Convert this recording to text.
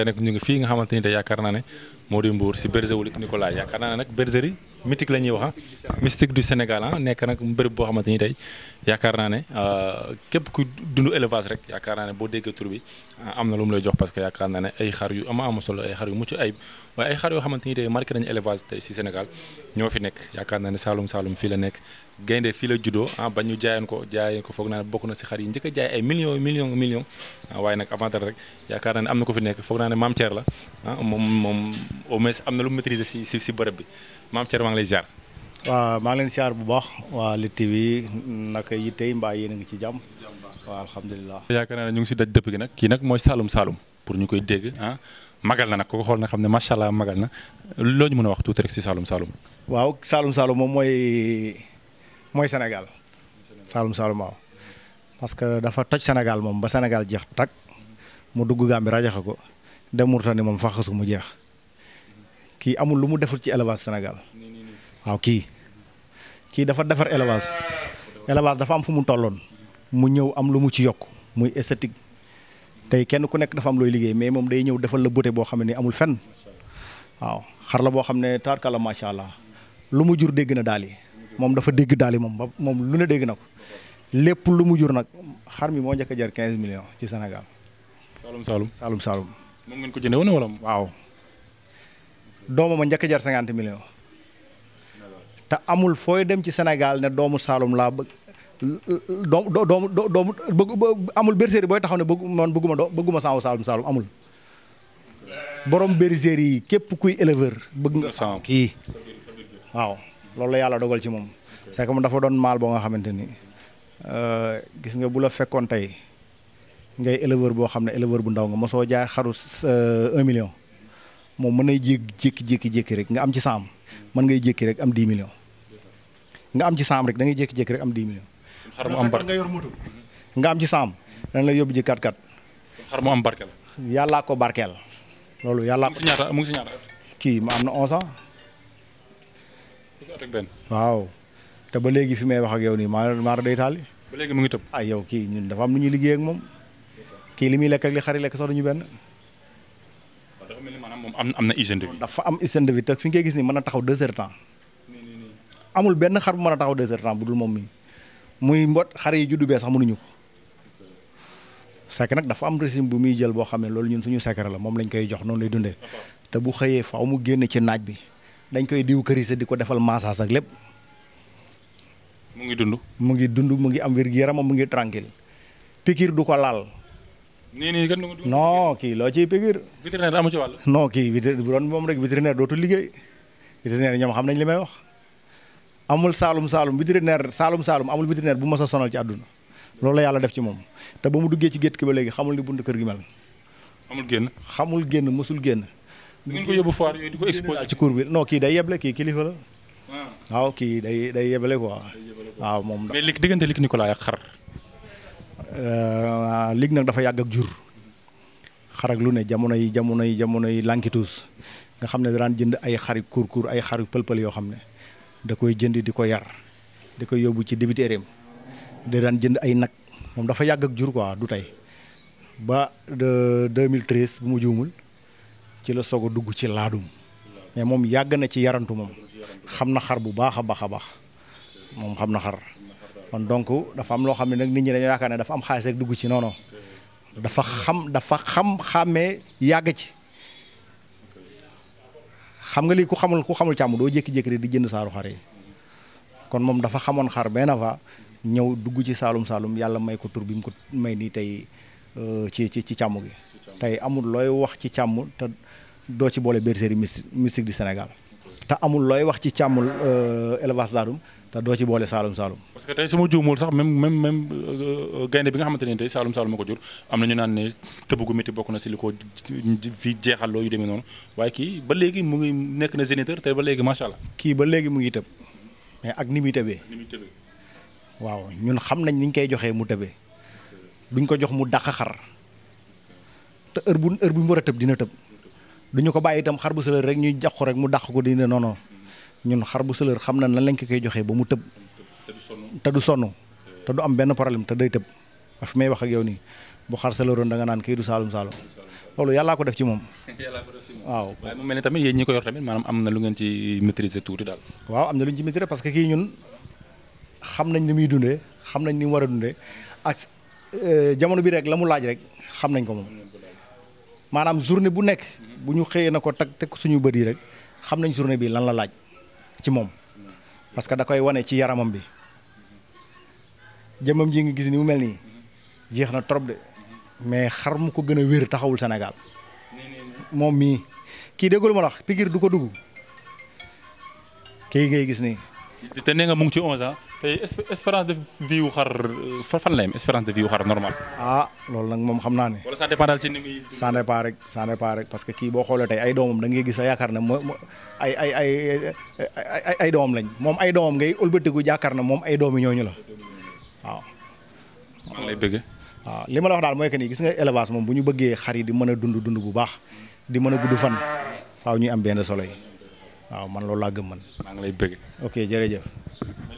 tey nag ñu ngi fii nga xamante ni te yaakaar naa ne moo di Mbour si bergerie wu Nicolas yaakaar naa ne nag bergerie mythique la ñuy wax mystique ah. boo xamante ni tey yaakaar naa ne euh, képp ku dund élevage rek yaakaar naa ne boo déggee tur ah, am na lu mu lay jox parce que yaakaar naa ne ay xar yu ama am solo ay xar yu mucc ayib waaye ay xar yoo xamante ni tey marqué nañu élevage tey si Sénégal ñoo fi nekk yaakaar naa ne saalum saalum fii la nekk gaynde fii la juddoo ah ba ñu jaayoon ko jaayoon ko foog naa ne bokk na si xar yi njëkk a jaay ay millions millions millions ah, waaye nag avant rek yaakaar naa ne am na ko fi nekk foog naa ne maam Thierre la ah, moom si si si bërëb bi maam Thierre maa ngi lay bu baax waa Lutte TV naka yi tey mbaa yéen a ngi ci jàmm waaw alhamdulilah. yaakaar naa ne ñu ngi si daj dëpp gi nag kii nag mooy Saloum Saloum pour ñu koy dégg ah. magal na nag ko xool na xam ne macha allah magal na loo ñu mën a wax tuuti rek si Saloum Saloum. waaw Saloum Saloum moom mooy mooy Sénégal Saalum Saalum waaw parce que dafa toj Sénégal moom ba Sénégal jeex tak mu dugg Gàmbi rajaxe ko dem Mauritanie moom faxasu mu jeex kii amul lu mu deful ci élevage Sénégal waaw kii kii dafa defar élevage élevage dafa am fu mu tolloon mu ñëw am lu mu ci yokk muy esthétique tey kenn ku nekk dafa am looy liggéey mais moom day ñëw defal la beauté boo xam ne amul fenn waaw xar la boo xam ne tarkala macha allah lu mu jur dégg na daal yi moom dafa dégg daal yi moom ba moom lu ne dégg na ko lépp lu mu jur nag xar mi moo njëkk jar 15 millions ci Sénégal. Saalum Saalum Saalum Saalum. moom ngeen ko jëndee woon wala. waaw njëkk jar 50 millions. te amul fooy dem ci Sénégal ne doomu Saalum laa bëgg doomu doomu doomu bëgg booy taxaw ne bëggu man bëgguma doo bëgguma saawu Saalum Saalum amul. borom bergerie yi képp kuy éleveur bëgg nga. saaw kii waaw. loolu la yàlla dogal ci moom c'est que mu dafa doon maal boo nga xamante ni euh, gis nga bu la fekkoon tey ngay éleveur boo xam ne éleveur bu ndaw nga mosoo jaay xaru euh, un million moom mën nay jékki jékki jékki rek nga am ci saam mën ngay jékki rek am 10 millions nga am ci saam rek da jékki-jékki rek am 10 millions. xar mu am barke nga am ci saam dana la yóbbu ji kat kat. yàllaa ko barkeel. loolu yàllaa ko. mu ngi si ñaata kii ma am na 11 waaw te ba léegi fi may wax ak yow nii maa maara day taal léegi mu ngi tëb ah yow kii ñun dafa am lu ñuy liggéey moom kii li muy lekk ak li lekk sax duñu benn am na hygiène de vie dafa am hygiène de vie te fi ngay gis ni mën a taxaw deux heures temps amul benn xar bu mën a taxaw deux heures temps bu dul moom mii muy mbot xar yi juddu bee sax mënuñu ko sekk nag dafa am régime bu muy jël boo xam ne loolu ñun suñu secret la moom lañ koy jox noonu lay dundee te bu xëyee faaw mu génn ci naaj bi dañ koy diw kërise di ko defal massage ak lépp. mu ngi dund. mu ngi dund mu ngi am wér gi yaramam mu ngi tranquille piqûre du ko laal. nii non kii loo ciy piqûre. vétérinaire amu ci wàll. non kii vétérinaire bu doon moom rek vétérinaire dootul liggéey vétérinaire ñoom xam nañ li may wax. amul saalum saalum vétérinaire saalum saalum amul vétérinaire bu mos a sonal ci àdduna loolu la yàlla def ci moom te ba mu duggee ci gétt ki ba léegi xamul ni buntu kër gi mel. amul génn xamul génn mësul génn. du ngeen ko yóbbu foire yooyu di ko exposé kii day yeble kii kilifa la. Ah. waaw kii day day yeble quoi. waaw moom mais léegi diggante Luc Nicolaï ak xar. Euh, Luc nag dafa yàgg ak jur. xar ak lu ne jamono yi jamono yi jamono yi lankituus nga xam ne daan jënd ay xari kuur kuur ay xari pël-pël yoo xam ne da koy jënd di ko yar di ko yóbbu ci débiteereem da daan jënd ay nag moom dafa yàgg ak jur ko du tey ba de 2013 bu mu juumul ci la soog a dugg ci laadum mais moom yàgg na ci yarantu moom xam na xar bu baax a baax a baax moom xam na xar kon donc dafa am loo xam ne nag nit ñi dañoo yaakaar ne dafa am xaalis rek dugg ci non dafa xam dafa xam xàmmee yàgg ci xam nga lii ku xamul ku xamul càmm doo jékki-jékki di jënd saaru xar yi kon moom dafa xamoon xar benn fa ñëw dugg ci saalum saalum yàlla may ko tur ko may nii tey euh, ci ci ci càmm gi. tey amul looy wax ci càmm te doo ci boole bergerie mystique di Sénégal te amul looy wax ci càmm euh, élevage Ladoum te doo ci boole Saalum Saalum. parce que tey su ma juumul sax même même même euh, gaynde bi nga xamante ne tey Saalum Saalum ma ko jur am na ñu naan ne tëb gu métti bokk na si li ko fi jeexal loo yu demee noonu waaye kii ba léegi mu ngi nekk na géniteur tey ba léegi macha allah. kii ba léegi mu ngi tëb mais ak ni muy waaw ñun xam nañ ni koy joxee mu tëbee duñ ko jox mu dàq xar. te heure bu heure bu mu war a tëb dina tëb duñu ko bàyyi itam xar bu sëlër rek ñuy jox rek mu dàq ko dina non non ñun xar bu sëlër xam na nan lañ ko koy joxee ba mu tëb. te du sonn te du am benn problème te day tëb fi may wax ak yow nii bu xar sëlëroon da nga naan kii du saalum saalum loolu yàllaa ko def ci moom. yàllaa ko def ci moom waaw. mel ni tamit yéen ñi ko yor tamit maanaam am na lu ngeen ci maîtriser tuuti daal. waaw am na lu ñu ci maîtriser parce que kii ñun xam nañ li muy dundee xam nañ ni mu war a dundee ak euh, jamono bi rek la mu laaj rek xam nañ ko moom maanaam journée bu nekk bu ñu xëyee na ko tag teg suñu bët yi rek xam nañ journée bi lan la laaj ci moom parce que da koy wane ci yaramam bi jëmmam ji nga gis ni mu mel nii jeex na trop de mais xar mu ko gën a wér taxawul senegal moom mii kii déggul ma wax piqûre du ko dugg kii ngay gis nii. te nga mu ci 11 ans. tey espérance de vie xar euh, fan la yem espérance de vie xar normal. Ah, loolu nag moom xam naa ne. wala ça dépend daal ci ni muy. ça dépend rek ça dépend rek parce que kii boo xoolee tey ay doomam da ngay gis a yaakaar ne mo ay ay ay ay ay lañ moom ay doomam ngay ëlbatiku yaakaar na moom ay doomi ñooñu la waaw. maa ngi lay bëgg. li ma la wax daal mooy que ni gis nga élevage moom bu ñu bëggee xar yi di mën a dund dund bu baax di mën a gudd fan faaw ñuy am benn solo yi waaw man loolu laa gëm man. maa ngi lay bëgg. ok jërëjëf.